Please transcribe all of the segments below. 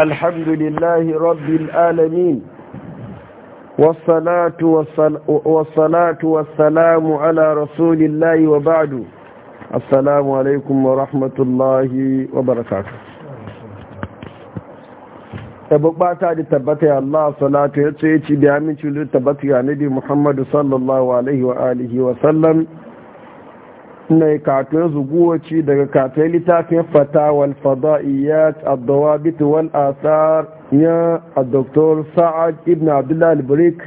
الحمد لله رب العالمين والصلاة, والصلاة, والصلاة والسلام على رسول الله وبعد السلام عليكم ورحمة الله وبركاته tabbata da tabbata ya Allah salatu ya ce ya ci da aminci da tabbata ya nabi Muhammad sallallahu alaihi wa alihi wa sallam na katon zuguwaci daga katon littafin fatawal fada'iyat ad-dawabit wal asar ya dr sa'ad ibn abdullah al-barik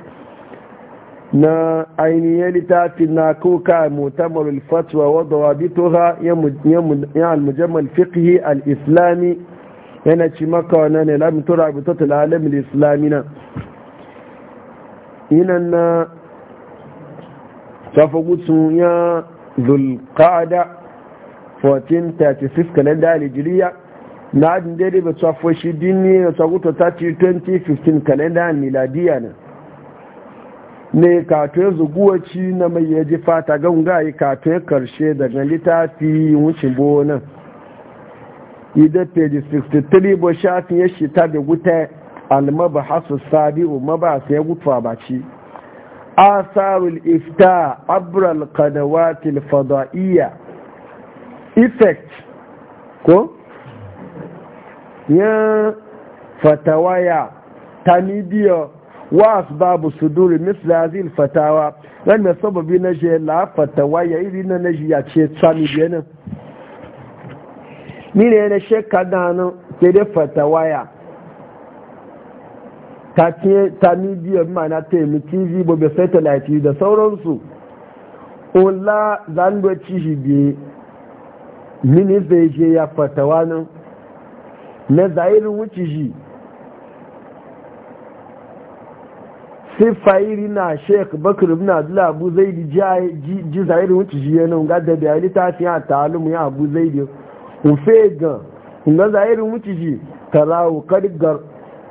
na ainihin littafin na kuka mutamar fatwa wa dawabituha ya al-mujammal fiqhi al-islami yana ci maka wannan ne lamin tura abitatul alam al-islami na yinan na safa gutsun ya zulqada 1436 kalenda alijiriya na ajin daidai ba tsafo shi dini na tsaguto ta ci 2015 kalenda miladiya na ne katon zuguwaci na mai ya ji fata ganga yi katon karshe daga littafi wucin bonan idan page 63 bo shafin ya shi ta da guta almaba hasu sabi'u maba sai gutuwa ba ci asarul ifta abral kanawatil fada'iyya effect ko ya fatawaya tamidiyo wa asbabu suduri misla hazil fatawa ran da sababi na shi la fatawaya iri na na shi ya ce tamidiyo ne na shekka da nan ke da fatawaya ta ce ta midiyar mana ta yi tv bobe satellite da sauransu ola zango shi biye minista ya ce ya fatawa nan na zairin wuce shi sifairi na sheik bakar na abdullah abu zaidi ji zahirin wuce shi yana gada da ta littafi ya ta'alumu ya abu zaidi ufe ga ga zairin wuce shi tarawo kadigar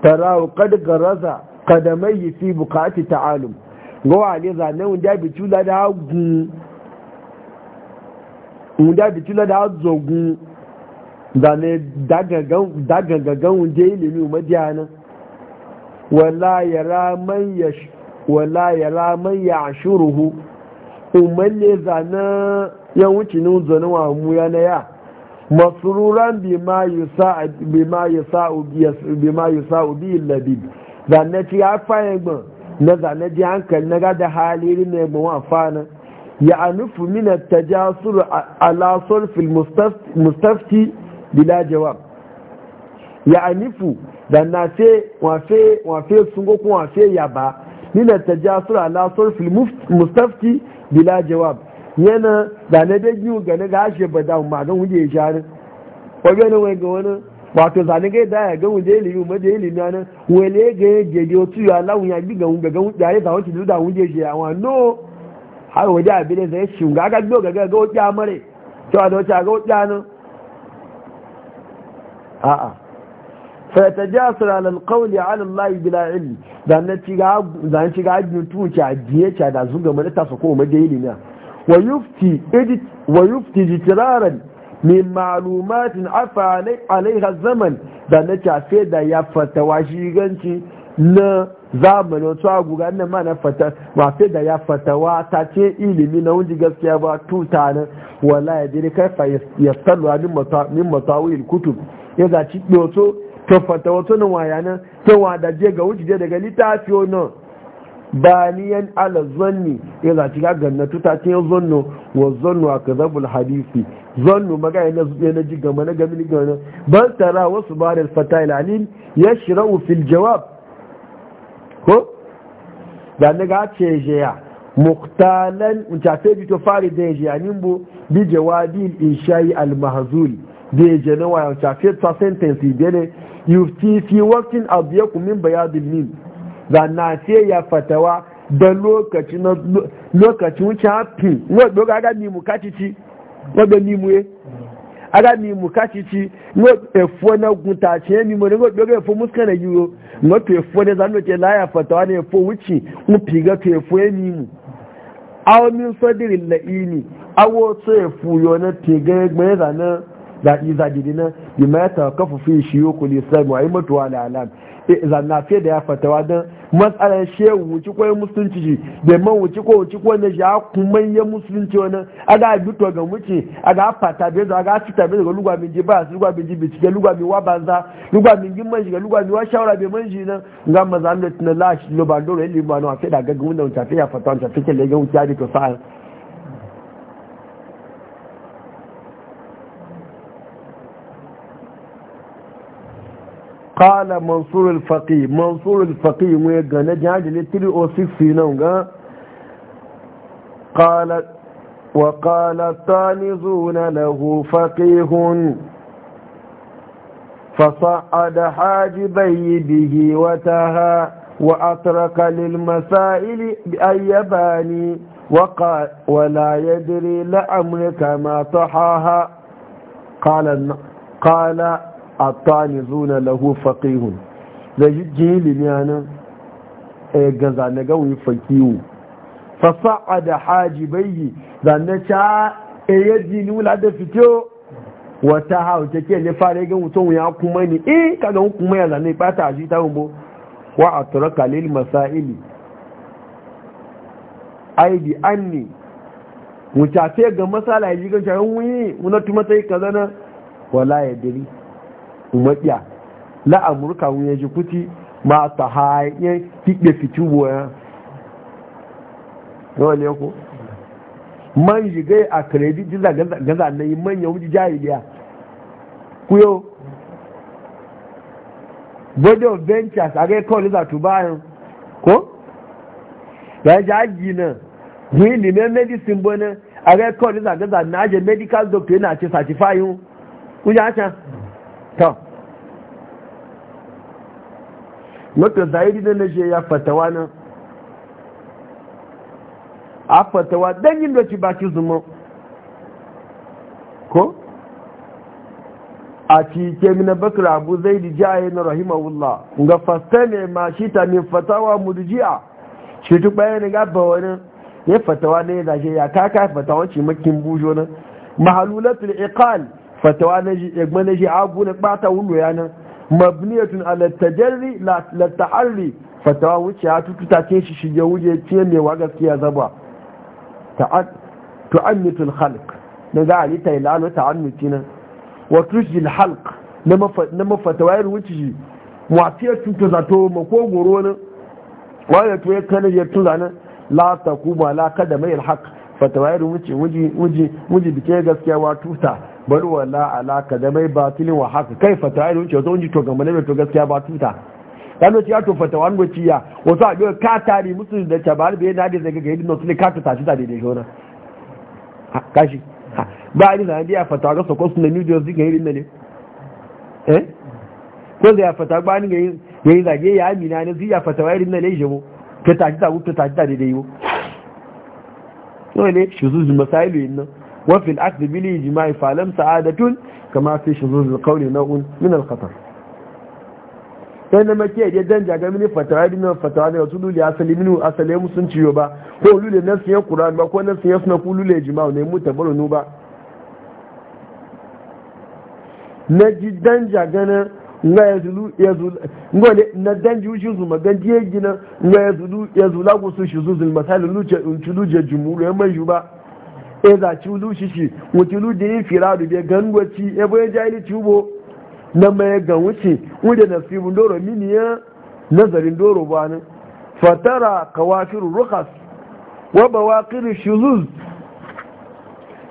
tarawo kad garaza kadamai fi bukati ta'alum gowa ne zanen wanda bi tula da hagun wanda da zogun zane dagagagan wanda ilimi umadiyana wala yara man ya wala yara man ya ashuruhu umalle zanen yan wuce ne zanen wa mu yana ya masururan bima yasa'u bi labib zanne ci ya fayin gbọn na zanne hankali na gada haliri ne gbọn amfana ya anufu mina tajasur ala sulfil mustafti bila jawab ya anufu da na fe wafe wafe sun gokun wafe yaba mina tajasur ala sulfil mustafti bila jawab yana da na daji ga na gashe ba da ma don wuje ya shari wajen na wai ga wani wato zane ga da ya ga wuje ya ma da ya na nan wale ga ya gede otu ya lawun ya bi ga wunga ga wunga ya zawon cikin da wuje shi ya wa no har waje a bilin zai shi ga ga ga ga ga wuce mare to a a ga wuce nan a'a فيتجاسر على القول على الله بلا علم da na ci ga a biye da zuga ta na. ويفتي جترارا min malumatin afa har zaman da na tafe da ya fatawa shiganci na zamanin wasu aguga nan ma na fata mafe da ya fatawa ta ce ilimi na wunji gaskiya ba tuta nan wala ya jiri karfa ya salwa min matawil kutub ya zaci ɗoto ta fatawa tunan waya nan ta wadaje ga wuce daga littafi nan baniyan ala zanni ya ci gagan na tuta ce zanno wa zonno a kazabul hadisi zonno magana na zuɓe na ji gama na gami ni gama ban tara wasu ba da fata ilalin ya shira fil jawab ko da na ga ce jeya muktalan mutafe bi to fari da jeya bu bi jawabi insha'i al mahzul da ya jana wa mutafe ta sentence bene yufti fi waqtin abiyakum min bayadil min za na sai ya fatawa da lokaci na lokaci wuce hafi wadda ga aga mimu kacici wadda mimu ye aga mimu kacici wadda efo na gunta ce e e ya mimu ne wadda ga efo muska na yiwo wadda efo ne zanen ke laya fatawa na efo wuce mufi ga to efo ya mimu awomin sadirin la'ini awon to efu yo na tege gbe zanen zaɗi zaɗi na bi ma ya kafa fi yi ku lisai mu a yi mutuwa da alam e, zanna fiye da ya fatawa don matsalar shehu wuci ko yin musulunci shi da man wuci ko wuci ko na a kuma yi musulunci wani aga bito ga a ga fata bai zo ga fita bai zuwa lugwa min ji ba su lugwa min ji bincike lugwa min wa banza lugwa min gin man shiga lugwa min wa shawara bai man shi nan ga maza na lashi lobandoro ya limanu a fiye da gaggawa da wuce a fiye ya fatawa a fiye da ya wuce a to sa'an قال منصور الفقي منصور الفقي ويغنى جاجل 306 نونغا قال وقال التانزون له فقيه فصعد حاجبي به وتها وأترك للمسائل بأن يباني وقال ولا يدري لأمرك ما صحاها قال قال a zuna lahu faqihun da jihili nan, e ga zane ga wuyi fakihu fa sa'ada hajibayhi zane ta e yaji ni wula da fito wata ta ke ne fara ga mutum ya kuma ni ka kaga kuma ya zane ba ta ji ta mu wa atraka lil masaili ai bi anni mutafe ga masala yi ga jayin mun muna tuma sai kazana wala ya diri umaɗiya la amurka wun ya ji kuti ma ta hanyar kikbe fitubo ya ne ko man shiga a kredit jila gaza na yi manyan wuji jahiliya kuyo board of ventures a ga kawai za tu bayan ko ya ji aji nan yi limen medicine bonan a ga kawai za gaza na ajiye medical doctor yana ce certifying kuja can to maka zahiri na na ya fatawa nan a fatawa don yin doci baki zuma ko a cike mina bakar abu zai di jaye na rahimahullah ga fasta ne ma shi ta ne fatawa jiya shi tu bayan ga ba wani ya fatawa ne da ya ya kaka fatawa ce makin bujo nan mahalulatul iqal fatawa na ji egbe na ji abu na bata wulo ya nan mabniyatun ala tajarri la ta'alli fatawa wuce ya tututa ce shi shige wuje ce ne wa gaskiya zaba tu'annitul khalq na za a yi tailalo ta'annuti nan wa tujil halq na mafatawa yin wuce shi ya tuta zato goro nan wanda to ya kana ya tuza nan la ta kuma la kada mai alhaq fatawa wuje wuje wuji bike gaskiya wa tuta bari wala ala mai batilin wa haka kai fata ya nuna cewa ji to gamba ne to gaskiya ba tuta dan ci ya to fata wani go ya wasu a ka tari musu da tabar bai na da daga yadda no tuli ka ta shi ta daidai gona kashi ba ni na biya fata ga sokon ko sunan new jersey ga irin ne eh ko da fata ba ni ga yi zage ya amina ne zai fata wa irin ne jebo ta tashi ta wuta tashi ta daidai yo ne shi su masailu yin nan وفي العقد بالإجماع فعلم سعادة كما في شذوذ القول نوع من الخطر sai na makiya ya danja ga mini fatawa dinan fatawa ne su lule asali minu asali mu sun ciyo ba ko lule na siyan qur'an ba ko na ko lule jima'u ne mu tabarunu ba na ji danja ya zulu ya zulu nga ne na danji su magan diye gina nga ya zulu su ba e za ci lu shi shi wuti lu da yin fira da bai gangwaci e bai ja ili tubo na mai ga wuce Wuce na fi doro ya nazarin doro ba nan fatara kawafiru rukas wa bawaqir shuzuz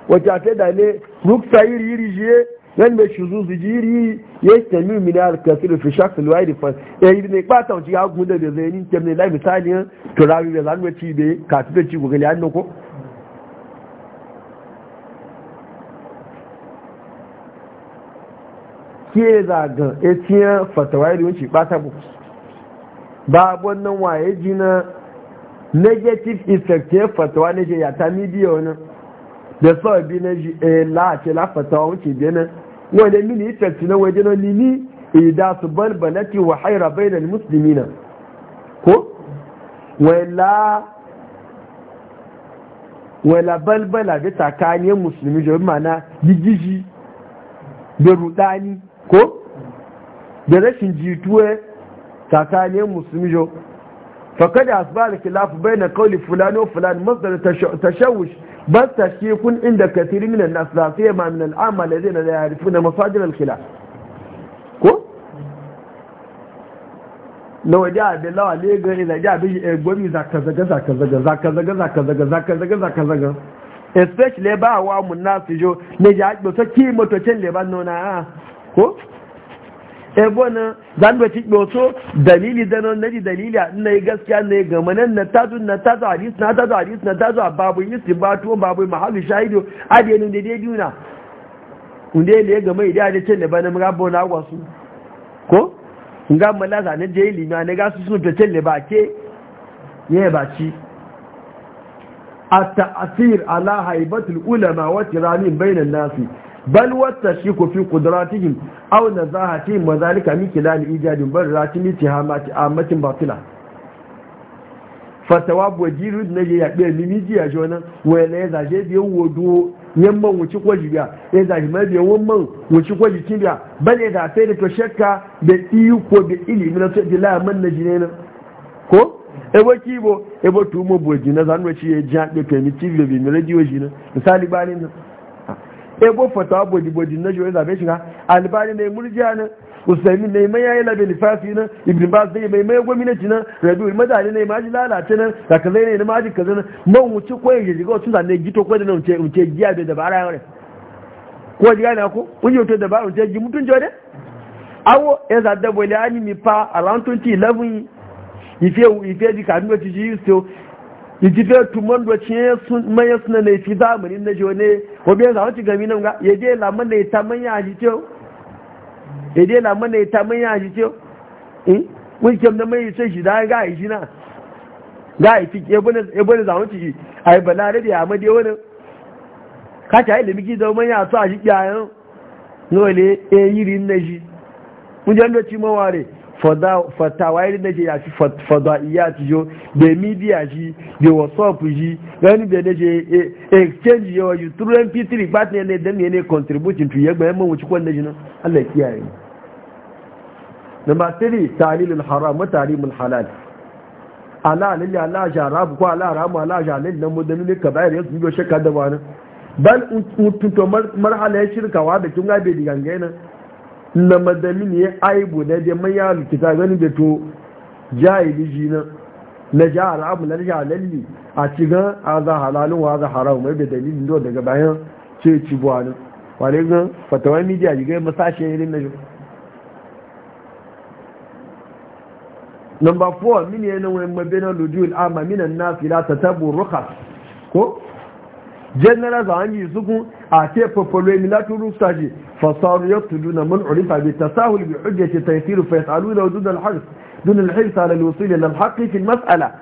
wa ta ta dale ruksa iri yiri je yan iri? shuzuz jiri yake min min al kasir fi shakl al-wa'id fa e ba ta wuce ya gunda da zai ni temne la misali turawi da zanwaci be ka tuba ci gogali an ko ke zagan ya ciye fatawai da wuce ɓata bu Ba wannan waye ji na negative effect ya fatawa ne je ya ta midiya wani da sau bi na ji eh la ce la fatawa wuce biya na wani mini effect na waje na nini idan su balbalati wa haira bainal na. ko wala wala balbala da tsakanin musulmi da na gigiji da rudani ko da rashin jituwa tsakanin musulmi jo fakada asbali khilafu baina qawli fulani wa fulani masdar tashawush bas tashkikun inda kathirin min an-nas la fiya ma min al-amma alladhina la yarifuna masajir al-khilaf ko lawa ja da lawa le gari da ja bi gobi zaka zaga zaka zaga zaka zaga zaka zaga zaka zaga zaka zaga especially ba wa mun nasijo ne ja do sakki mutocin le ban nona ah. ko ebo na zan ba cikin wato dalili da nan naji dalili a ina yi gaskiya ne ga manan na tazo na tazo hadis na tazo hadis na tazo a babu yisi ba to babu mahallu shahidu adiyanin da dai duna kunde ne ga mai da ce ne bana mga bona wasu ko nga mala za ne dai lima ne ga su sun ta ce ba ke ye ba ci at ta'sir ala haibatul ulama wa tiramin bainan nasi bal wata shi ku fi kudratihim aw nazahatihim wa zalika min kilal ijadin bal ratili tihamati amatin batila fatawa wajiru ne ya be limiji ya jona wala ya zaje biyo wodo yamman wuci kwaji biya ya zaje mai biyo wannan wuci kwaji kin biya bal ya da sai da to shakka da iyu ko da ilimi na sai la man na na. ko e ebo kibo ebo tumo boji na zanwa ci ya jabe to mi tv bi mi radio jina misali balin nan ebo fatawa bodibodi na jiwa zabe shiga albani ne murjiya nan usaimi ne mai yayi labe lifafi nan ibn baz ne mai mai gwamnati nan rabiul madani ne maji lalace nan sakazai ne na maji kaza na, ma wuce ko yaje jiga tun da ne gito ko da nan ce giya da dabara yare ko jiga na ko kun yi to dabara ce gi mutun jode awo e za da bole ani mi pa around 2011 ife ife di kanu ti ji so ijibe tumon do ce sun maye suna ne fi zamanin na jone ko biyan zawon ci gami nan ga ya je lamar da ta manya a jikiyo ya je lamar da ta manya a jikiyo in kun kem da mai sai shi da ga yi shi na ga yi fi ebola zawon ci a yi balare da ya made wani kaci a ilimi ki zama manya su a jikiyayen nole e yiri na ji kun jan do ci maware fatawa da ke ya ci fada'iyya ci yo da media ji da whatsapp ji gani da dace exchange yawa yi turu mp3 batin yana don ne contributing to yagba yamma wuce kwan da ji nan allah kiyaye number 3 talilin haram wa talimul halal ala lalli ala jarabu ko ala ramu ala jalil nan mudan ne ka bayar yanzu yi biyo shakka da wani bal mutunto marhala ya shirkawa da kin gabe digangainan na madalin ya aibu na da mai ya rikita ganin da to jahili ji na na ja al'amu na ja lalli a cikin a za halalun wa za haram mai da dalilin da daga bayan ce ci buwa nan wani gan fatawar midiya ji gai masashe irin na jikin number 4 mini yana wani mabina lujul amma minan nafi la ta tabu rukas ko general za an yi sukun a ce fafalwai milatun rusa ce fasaru ya tudu na mun urifa bai ta sahul bi hujja ce taisiru fa yasalu da wudun alhars dun alhars ala lusul ila alhaqi fil mas'ala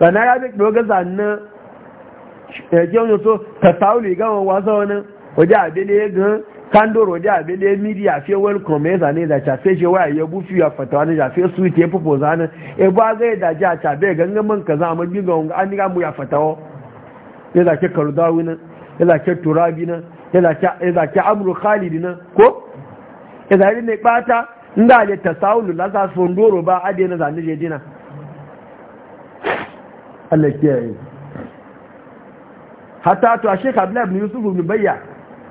bana ya bi doga zanna ya eh, ke wani so ta sahul ga wasa wani waje abele ga kandoro waje abele media fe welcome ya zane da sai fe waya ya bufi ya fatawa ne ya fe suite ya fofo zane e ba ga da ja ta be gangan man kaza amma bi ga an ga mu ya fatawa ya zake kardawi nan ya zake turabi nan ya zake amru khalidi nan ko ya zari ne bata inda ne sa'ulu na za su ndoro ba ade na zane je dina Allah Hata hatta to Sheikh Abdullah ibn Yusuf mai Bayya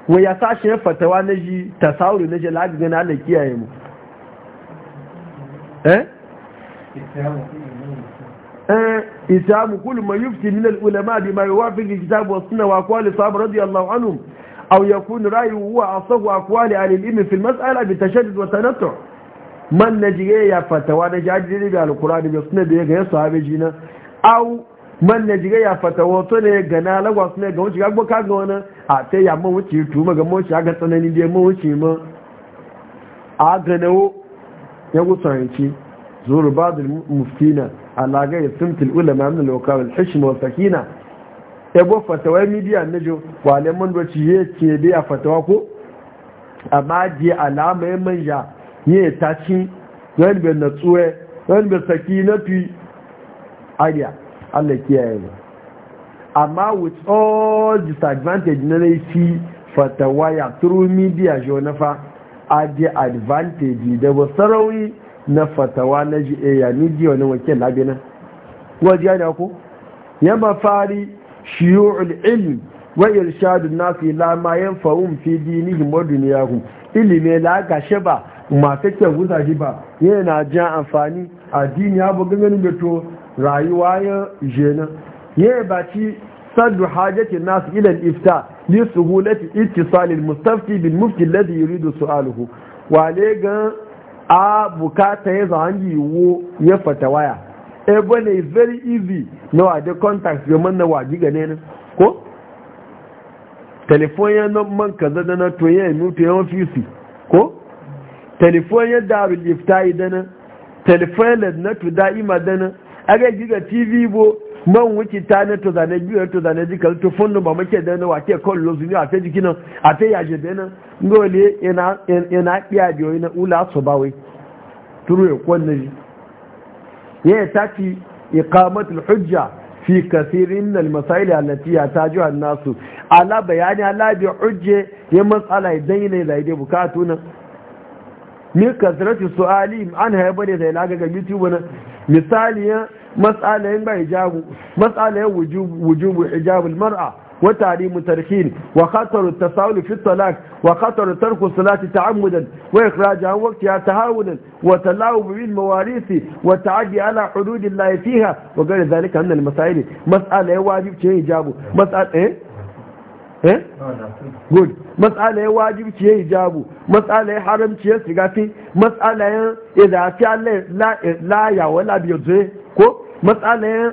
wai ya sashi fatawa na ji sa'ulu na je ladi gana Allah kiyaye mu eh, eh? إتهام كل ما يفتي من العلماء بما يوافق الكتاب والسنة وأقوال الصحابة رضي الله عنهم أو يكون رأيه هو أصف أقوال أهل العلم في المسألة بتشدد وتنطع من نجيه يا فتوى نجاد لي على القرآن والسنة بيغير صحابة جينا أو من na يا ya fata wato ne ga na lagos ne ga wuce gagbo kaga wani a sai ya man wuce tuma ga mawuce aga tsanani da ya man wuce زور بعض المفتين على غير سمت العلماء من الوقار الحشم والسكينة ebo fatawa midiya na jo kwale man doci ya ke dai a fatawa ko amma je alama ya manja ya ta ci wani bai na tsuwe wani bai saki na fi ariya allah kiyaye ba amma with all disadvantage na na fi fatawa ya turu midiya jo na fa a advantage da wasu na fatawa na ji'eya eh, ni jiya wani wakil labinan wajiya da ku ya mafari shiyu'ul ilmi wa irshadun nasu ila ma yanfa'un fi dini wa duniya ku. la gashe ba masu kyan gusa shi ba yana jan amfani addini ya bugun ganin da rayuwa ya jena ya ba ci hajati hajjatin nasu ilal ifta li suhulati ittisalil mustafti bil mufti alladhi yuridu su'aluhu wale ga a bukata ya zo hangi wo ya fata waya ebe ne very easy na wade contact ga manna waji gane ne ko telefon ya nan man kaza zada na to ya mutu ya ofisi ko telefon ya daru lifta idana telefon ya na to da'ima dana aga giga tv bo man wuce ta ne to zane biyu to zane jikar to fundu ba muke da wa ke kawai lo ne ta jikin nan a ta yaje da nan dole ina biya biyo na ula su ba wai turu ya kwanne ji ya ta ci iqamatul hujja fi kathirin na masaili allati ya ta ji nasu ala bayani ala bi hujje ya matsala idan ne da ide bukatu nan min su su'ali an haibare da ina laga ga youtube nan misali matsalayin ba hijabu matsalayin wujubu hijabul mar'a wa tahrimu tarkin wa khataru tasawul fi talaq wa khataru tarku salati ta'ammudan wa ikhrajaha waqtiha tahawulan wa talawub bil mawarisi wa ta'addi ala hududillahi fiha wa ghayr dhalika min al masail mas'ala wajib ce hijabu mas'ala eh eh good matsalayen wajibci ya hijabu matsalayen haramci ya sigafi matsalayen idafi la ya wala biyo ko matsalayen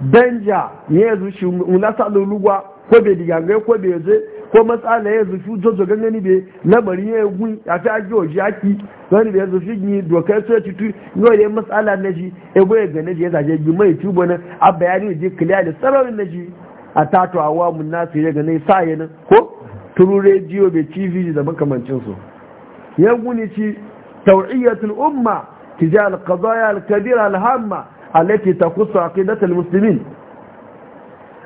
danja ya zuci shi wulasa lulugwa ko bai digangai ko bai yaje ko matsala ya zuci jojo gangani bai lamari ya gun ya fi ake oji aki wani bai zuci ni dokar sai tutu yau ya matsala na shi ya goya ga na ya zaje bi mai tubo na a bayani je kiliya da sararin na shi a tato a wa mun nasu ya ganai sa yana ko turu rediyo bai tv da makamancinsu. su ya guni ci umma tijal qadaya al kabira al hamma allati takusu aqidatul muslimin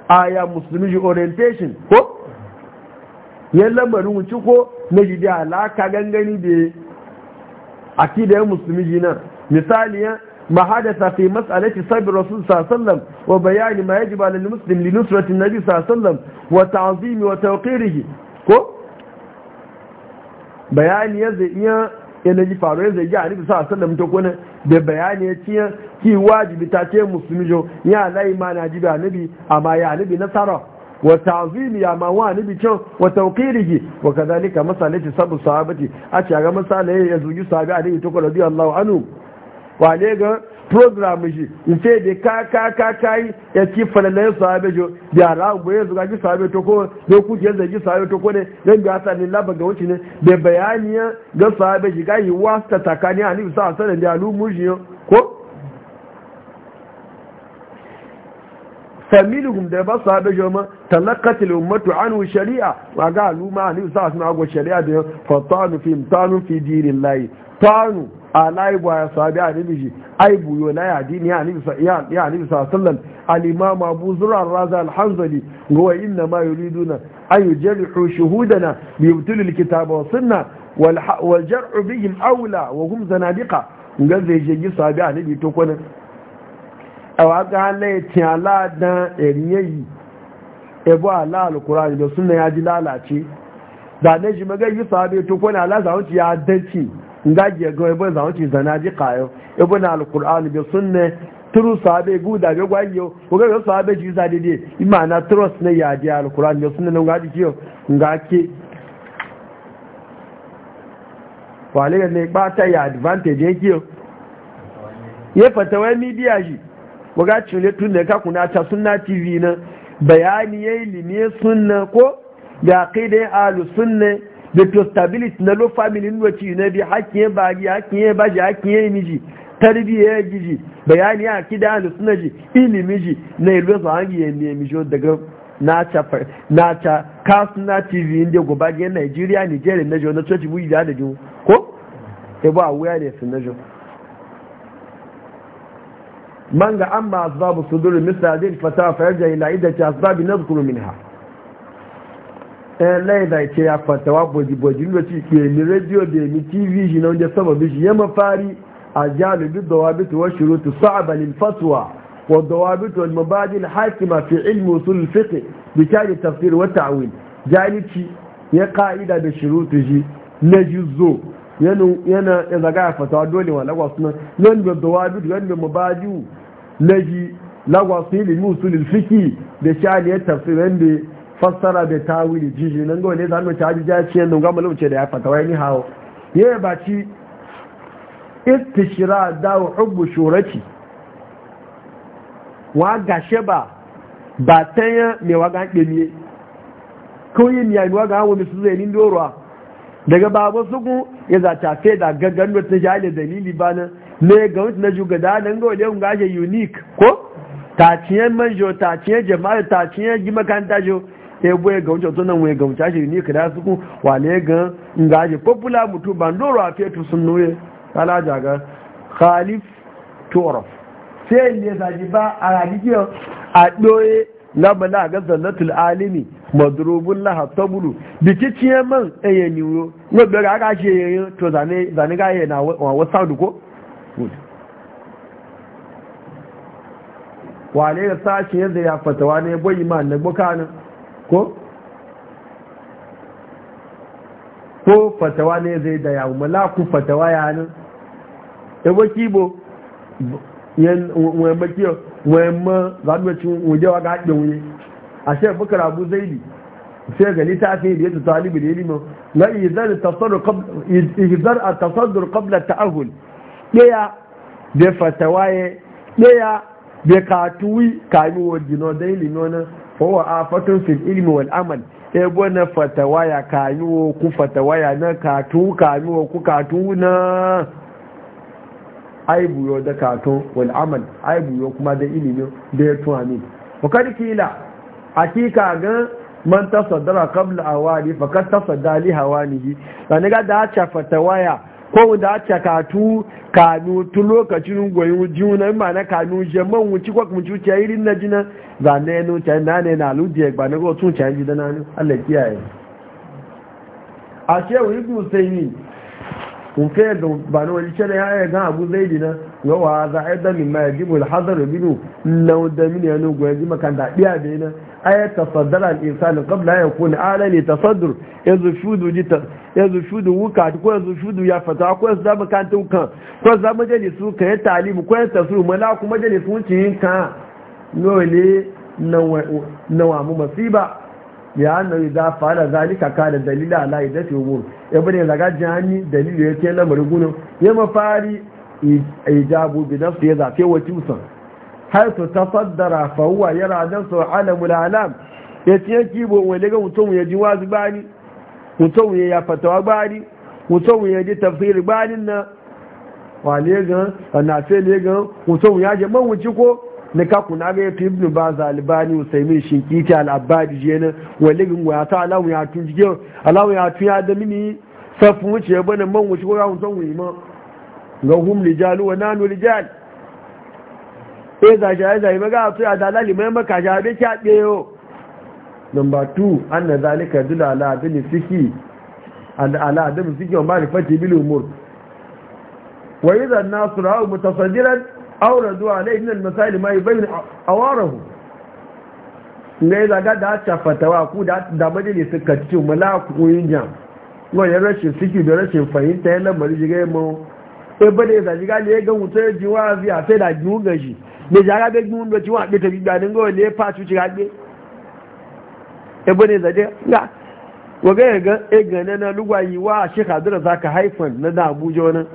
aya muslimi orientation ko yan lamarin wuce ko na jidi alaka gangani da akidar musulmi jinan misali yan ما حدث في مسألة صبر الرسول صلى الله عليه وسلم bayani ما يجب على المسلم لنصرة النبي صلى الله عليه وسلم وتعظيم وتوقيره كو بيان يزئ yanayi faru yanzu ya nufi sa sallam ta kuna da bayani ya ciyar ki wajibi ta ce musulmi jo ya layi ma na jibi anabi amma ya anabi nasara wa ta'zimi ya ma wa anabi can wa tawqirihi wa kadhalika masalati sabu sahabati a ce ga masalai ya zuji sahabi alaihi ta radiyallahu anhu wa ne ga program shi in ce da ka ka ka ka yi ya ci falalai sahabe jo da ra goye zuga ji sahabe to ko da ku je zagi sahabe to ko ne dan ga sa lillah ga wuce ne da bayani ga sahabe shi ga yi wasta takani nufi sa sanar da alumu shi ko فمنهم ده بس هذا ma تلقت الأمة عنه شريعة وقالوا ما عليه ساس ما شريعة فطانوا في امتانوا في دين الله طانوا alaibu ya sabi anibiji aibu yo na yadi ni ya anibi sallan alimama imam abu zur'ar raza al-hanzali gowa inna ma yuriduna an yujarrihu shuhudana bi yubtilu al-kitaba wa sunna wal jar'u bihim aula wa hum zanadiqa ngan zai je sabi anibi to kwanin awa ga lai tin ala da eriyeyi ebo ala al da sunna ya ji lalace da ne ji magai sabi to kwanin ala zawuci ya dace ngaji ga ebe za wuce zana ji kayo ebe na alkur'ani bi sunne turu sahabe guda bi gwayo ko ga sahabe ji za dide imana trust ne ya ji alkur'ani bi sunne ngaji kiyo ngaki wale ne ba ta ya advantage yake yo ya fata wai media ji waga cile tun da ka kuna ta sunna tv na bayani yayi limiye sunna ko da aqidai ahlus sunna da stability na lo family nwa ci na bi hakiye bagi hakiye baji hakiye miji tarbiya bayani a kida da suna ji na hangi nigeria na coci da ko ebo awareness na jo man ga amma asbabu sudur misali fata fa yarja ila idda asbabi nazkuru minha lai da ke ya fatawa boji-boji lokaci ke mi radio da mi tv na wanda saba bishi ya mafari a jalibi da wabitu wa shurutu sa'aba lil da wabitu wal mabadi hakima fi ilmi usul fiqh bi kaji tafsir wa da shurutu shi na jizo yana da da wabitu ilmi da shani ya tafsir fassara bai tawili jiji nan gole za mu taji jaci yanda ga mu ce da ya fata wai ni hawo ye ba ci shira da hubbu shurati wa gashe ba ba tanya me wa ga kemiye koyin ya ni wa ga hawo misu zai nin dorwa daga babu suku ya za ta fe da gaggan wata ta jale dalili ba nan ne ga wata na jugada nan gole un gashe unique ko taciyen manjo taciyen jama'a taciyen gimakanta jo ya boye ga wancan tunan waye ga wancan shi ne ka da su ku wale ga ngaji popular mutum ban doro a fetu sun noye alaja ga khalif torof sai ne zaji ba a rajiyar a doye na na ga zannatul alimi madrubun laha tabulu biki ciye man ɗaya eh, niwo ne bai ga aka ce yayin to zane ga yana wa wasa duko wale da sashi yadda ya fatawa ne bai ma na gbokanin ko ko fatawa ne zai da yawo malaku fatawa ya nan ebo kibo wọ́n kí wọ́n mọ́ zanúwẹ̀cin wọ́jẹ́wà ga haɗin wuye a ṣe bukara abu zaidi sai gani ta fi da yadda talibi da ilimin na izar a tasaddur kabla ta'ahul ɗaya da fatawaye ɗaya da katuwi kami wajen na da ilimin wa a fatun fil ilmi wal amal e bona fatawa ya kayuwa ku fatawa ya na katu kayuwa ku katu na aibuyo da katun wal amal aibuyo kuma da ilimi, da ya tuwa ne kadi kila hakika ga man tasaddara qabla awali fakat tasadda li hawanihi ga da cha fatawa ya ko da ta katu kanu tu lokacin goyin juna ma na kanu je man wuci ko kuma cuciya irin na jina za na no ta na ne na luje ba ne ko tun can jida na ne Allah kiyaye a ce wa ibn sayyi kun fe da ba na wani cele ya ga abu zaidi na ga wa za aidan min ma yajibu al hadar binu law da min ya no goyi makanda biya da na ay tasaddara al-insan qabla an yakuna alani tasaddur yanzu shudu jita yanzu shudu wuka ko yanzu shudu ya fata ko yanzu zama kan tukan ko yanzu zama jalisu ka ya talibu ko yanzu tasuru mala kuma jalisu ci ka nole nawa mu masiba ya annabi da fara zalika ka da dalila ala idati umur ibn zaga jani dalilu yake lamarin guno ya mafari ijabu bi nafsi ya zafe wa tusan haitu tasaddara fa huwa yara nafsu alamul alam yace yake bo wani ga mutum ya ji wazi bani mutum ya fatawa bani mutum ya ji tafsir bani na wa ga na ce le ga mutum ya ji man wuci ko ne ka kuna ga yato ibnu baz albani usaimin shinkiti al-abbadi jena na wa ta alamu ya tun alamu ya tun ya da mini safu wuce bane man wuci ko ga mutum yi ma ga hum lijalu wa nanu lijali. sai eh, zaje-zaje maga a tuya da mai maka jabe a ɗayo number 2 an na zalika dula al'adun fiki al'adun fiki wa fati bil umur wa yi zan nasu ra'u mutasaddiran aure zuwa na ibn al-misali ma yi bayin awarahu ne zaga da ta fatawa ku da da majalisa cikin mala ku yin jam no ya rashin fiki da rashin fahimta ya lamari jigai mu ebe da ya zaji gani ya ga mutum ya ji wa'azi a sai da jiwu gashi da jara bai jiwu da ciwon aɗe tafi ganin gawa ne ya faci ci haɗe ebe da ya zaji ga waga ya ga egane na lugwayi wa a shekha zira za ka haifan na da abuja wani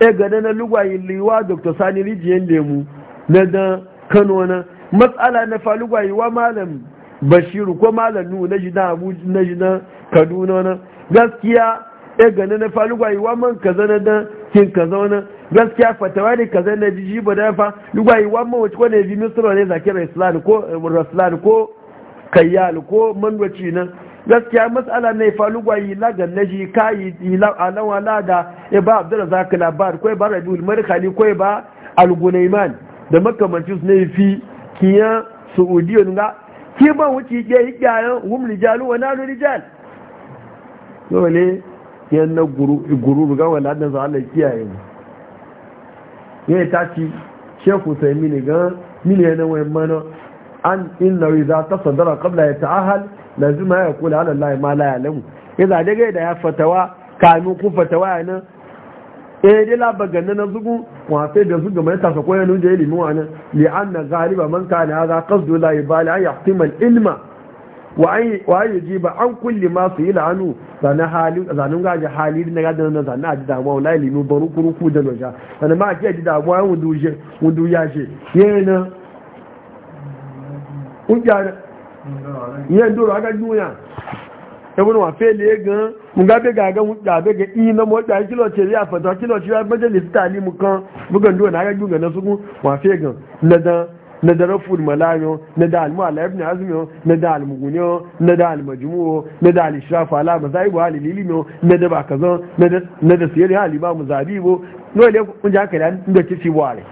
egane na lugwayi liwa dr sani rijiyar lemu na da kano wani matsala na fa lugwayi wa malam bashiru ko malam nu na jidan abuja na jidan kaduna wani gaskiya egane na fa lugwayi wa man kaza na da kin ka zauna gaskiya fatawa ne kaza na jiji ba da fa yuwa yi wamma wace ko ne bi misra ne zakir islam ko raslan ko kayyal ko manwaci nan gaskiya mas'ala ne fa lugwa yi lagan naji kai ila alan wala da e ba abdurrazak labar ko e ba rabiul markhali ko e ba al-gunayman da makamancin su ne fi kiya suudiyun ga ki ban wuce ke yi gayan wum rijalu wa nalu rijal dole yan na gururu ga wala da za Allah kiyaye mu ci taci sai mini ga min yana mana an inna idza tasaddara qabla Na lazima ya kula ala Allah ma la ya'lamu idza daga da ya fatawa kanu ku fatawa nan eh dai la baganna na zugu wa sai da su ga mai tasa koyanu da ilimi wa nan li anna ghaliba man kana hadha qasdu la ilma wa yi ji ba an kuli ma yi la'anu zanen gaji hali na gadon na zanen a ji damuwa wula ilimin baru kuruku da loja zanen ma a ke ji damuwa ya wudu ya ce yana ƙungiyar doro aka duniya ẹgbọ́n wà fẹ́ lè gan mugabe gaga gabege ina mọ́ta kílọ̀tí rí kan na da raful malamiyo na da almu'ala ibn azmiyo na da almuguniyo na da almajmuwo na da alishrafu ala mazaibu halililimiyo na da bakazon na da siyar hali ba mu zabibo no ne kun ja kada inda kici ware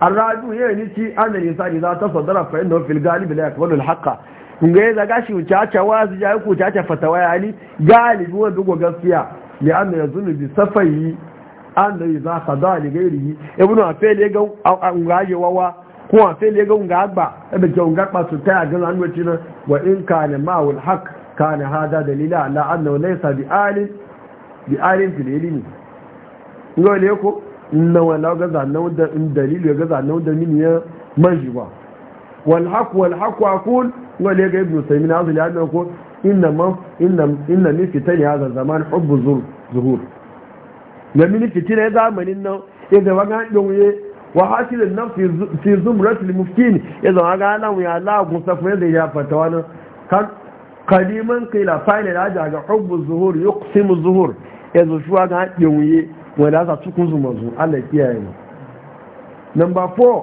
arradu yayin yi ci an da insani za a ta sadara fa inna fil galib la yakbalu al haqa ngai zaga shi ucaca wazi ja ku ucaca fatawa ya yani galibi wanda go ya, li an yazunu bi safai an da za ka za a liga iri ebe na fe lega nga yi wawa ko a fe lega nga agba ebe ke nga agba su taya gina an wace nan wa in ka ne wul haka? ka ne da dalila ala an na sa bi alin bi alin filili ne nga wale ko na wala ga zanen da dalilu ga na da mini ya manji ba wal haq wal haq wa kun wale ga ibnu taymin na annahu inna man inna inna min fitani hadha zaman hubbu zuhur da mini fitina zamanin nan ya zama ga ɗauye wa hasilin nan fi zumratul muftin ya zama ga nan ya Allah kun safa da ya fata wani kaliman kila fa'ila da aja ga hubbu zuhur ya yuqsimu zuhur ya zo shuwa ga wuye wanda sa cikin zuma zu Allah kiyaye mu Namba 4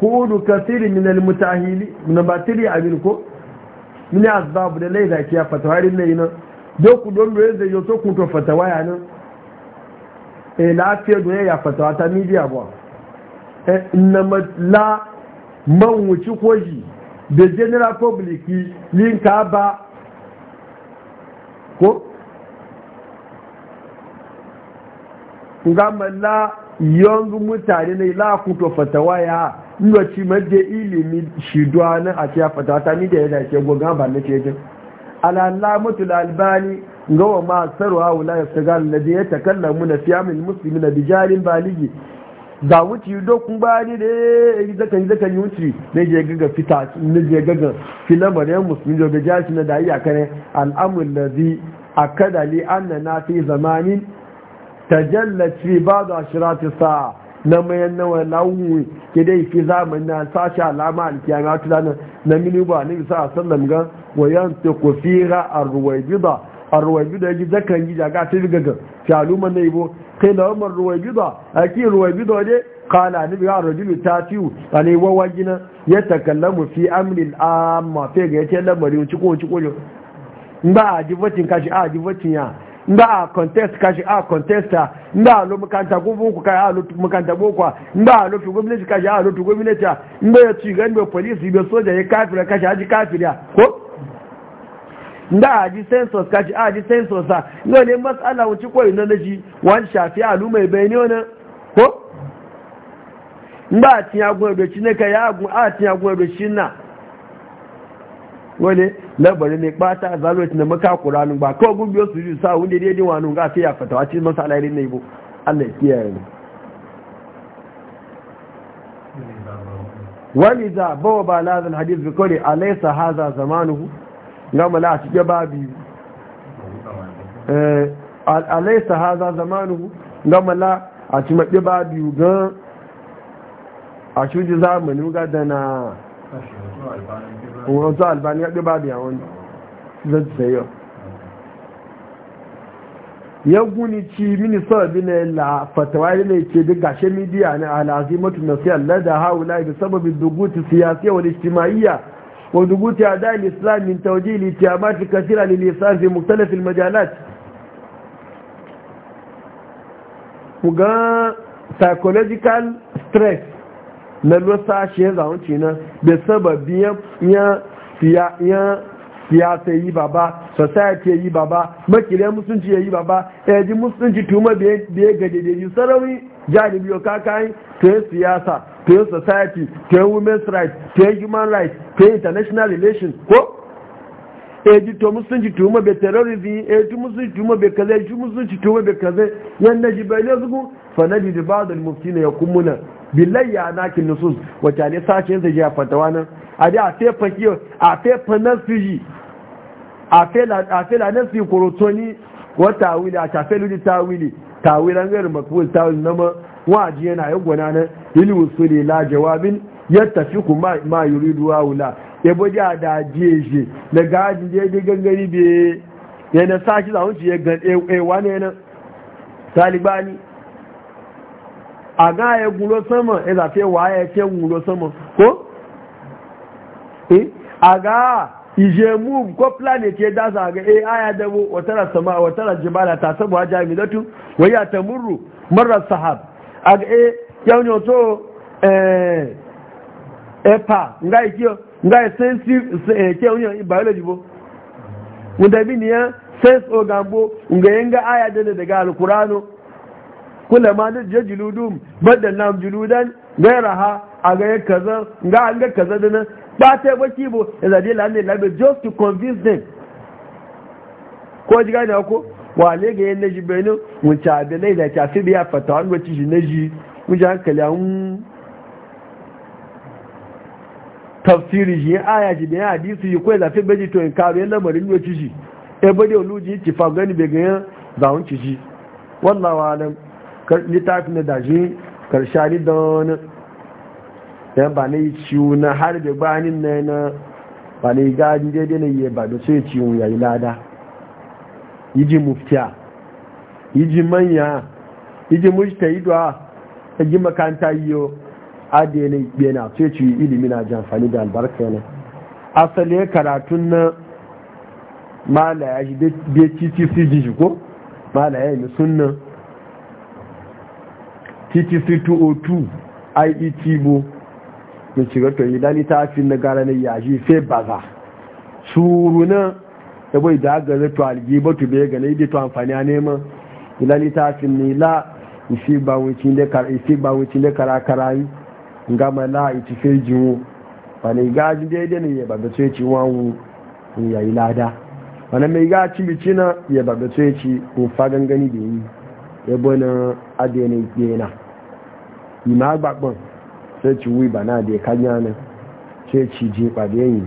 kudu kasiri min almutahili namba 3 abin ko min asbab da laida kiya fatawarin laina doku don da zai to so to fatawa ya nan e eh, lafiya don ya fatawa ta midiya ba na la man wuci koji da general public linka ba ko gamala young mutane ne la to fatawa ya nwaci maje ilimi shidwa na a ce fatawa ta midiya ya da ke gogan ba na ce jin al'alamatul albani ga wa ma sarwa wula ya sagal na da ya takalla takallamu na fiyamin musulmi na bijalin baligi da wuce dokun bani da ya yi zakan yi zaka yi wuce na je gaga fita na je gaga filamar yan musulmi da jashi na da iya kare al'amur da zi a kada li an na na fi zamanin jallaci ba za da shirati sa'a na mayan nawa lawun ke dai fi zamanin na sashi alama alkiyama tunanin na mini ba ne bisa a sallam gan wa yantiqu fiha ar a ar-ruwaybida yaji zakan yi daga ta gaga shaluma na ibo kai da umar ruwaybida aki ruwaybida ne qala ni bi ta rajul tatiu ani wa gina ya takallamu fi amri amma fe ga yace lamari ci ko ci ko ba a jibatin kashi a jibatin ya nda a contest kashi a contesta nda a lo makanta ko boko kai a lo makanta boko nda a lo fi gwamnati kashi a lo fi gwamnati nda ya ci ga ne police be soja ya kafira kashi a haji kafira ko da a ji sensors ka ci a ji sensors sa yau ne matsala wuce koyi na naji wani shafi alu mai bayani wani ko ba a tiya da shi ne ka ya agun a tiya gun shi na wani labari ne bata a zalwati na maka kuranin ba kawai gun biyo su yi sa wunde daidai wani ga sai ya fata wace masa alayi na ibo allah ya kiyaye mu wani za bawa ba lazin hadis bikoli alaisa haza zamanuhu gama la a cike babi alaisa haza zamanu gama la a ci maɗi babi gan a shuji zamanu ga da na wato albani a wani zai sayo yankuni ci minisar bine la fatawa ne ke duk gashe na alazimatu na siyar da haula da sababin dugutu siyasiyar wani ijtimaiya وضبوط أداء الإسلام من توجيه الاتهامات الكثيرة للإسلام في مختلف المجالات وقال psychological stress na lusa shi بسبب zaunci nan da sababi ya siyasa yi baba society ya yi baba makilai musulunci ya yi baba ya ji musulunci tuma da ya gajejeri sarari janibi yau kakayi to yi siyasa to yi society to yi women's rights to yi human rights to yi international relations ko eji to musulunci tuma bai terrorism eji to musulunci tuhuma bai kaza eji musulunci tuma bai kaza yan ji bai ne zugu fa naji da ba da mufti ne ya kummuna bilayya na kin nusus wata ne sace zai ya fatawa nan a da a fe fakiyo a fe fanasiji a fe la a fe la nasi korotoni wa tawili a shafe ludi tawili tawilan gairu makbul na ma waji yana yi gwana na ilmu la jawabin yadda fi ku ma wa wula ya e bude a da shi e e na gajin da ya gangari ya na sa shi ya gan ewa ne na talibani a ga ya gulo sama ya zafe wa ya ce gulo sama ko? a ga ije mu ko planet ya da ga eh aya da mu watara sama watara jibala ta sabu ha jamilatu wa ya tamurru marra sahab ag eh yau ne to eh epa ngai kio ngai sensitive eh ke unyo eh, biology bo munda bi niya sense organ bo nga aya da daga alqur'ano ma da jajiludum nam juludan gairaha a ga kaza nga an ga kaza da pàtẹ ẹgbẹ́ kí ìbò ẹ̀zàdé lálẹ́ lábẹ́ just to convince them kó jígá ní ọkọ́ wà lẹ́gẹ̀ẹ́ yẹn bẹ̀rẹ̀ wọ́n ti àbẹ̀ lẹ́yìn àti àfihàn àfẹ̀tà wọn ti jù lẹ́jì wọ́n jẹ́ àkẹlẹ̀ àwọn tafsiri yìí àyà jì ní àdísù yìí kó ẹ̀zàfẹ́ bẹ́jì tó nǹkan rẹ̀ lẹ́mọ̀rí ní ojú jì ẹgbẹ́dẹ́ yan ba na yi ciwo na har da ni na yana ba na yi gajin daidai na yi ba da sai ciwo ya yi lada yi ji muftiya yi ji manya yi ji mujta yi duwa ta ji kanta yi a da na yi na sai ciwo ilimi na fani da albarka yana asali ya karatun na mala ya shi bai ttc ji ko mala ya yi sunna su 202 iet bo da shiga to yi lani ta fi na gara na yaji sai baza suru na da bai da gari to algi ba to bai ga na idi to amfani a neman yi lani ta fi ni la isi ba wucin da kara isi ba wucin da kara kara yi nga ma la iti sai jiwo wani gajin da ya ne ya ba da sai ci wawu ya yi lada wani mai gaci bici na ya ba da sai ci ko fa gangani da yi ya bana adena yana yi ma gbagbon sai ci bana da ya kanya nan sai ci je ɓadayen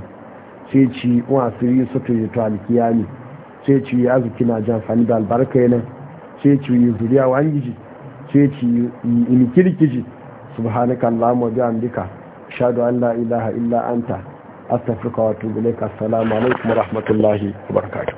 sai ci wa su tuyi to alkiya ne sai ci yi arziki na jan da albarka nan sai ci yi zuriya wa angiji sai ci yi inikirkiji subhanaka allahumma bi amdika ashhadu an la ilaha illa anta astaghfiruka wa atubu ilaik alaikum wa rahmatullahi wa barakatuh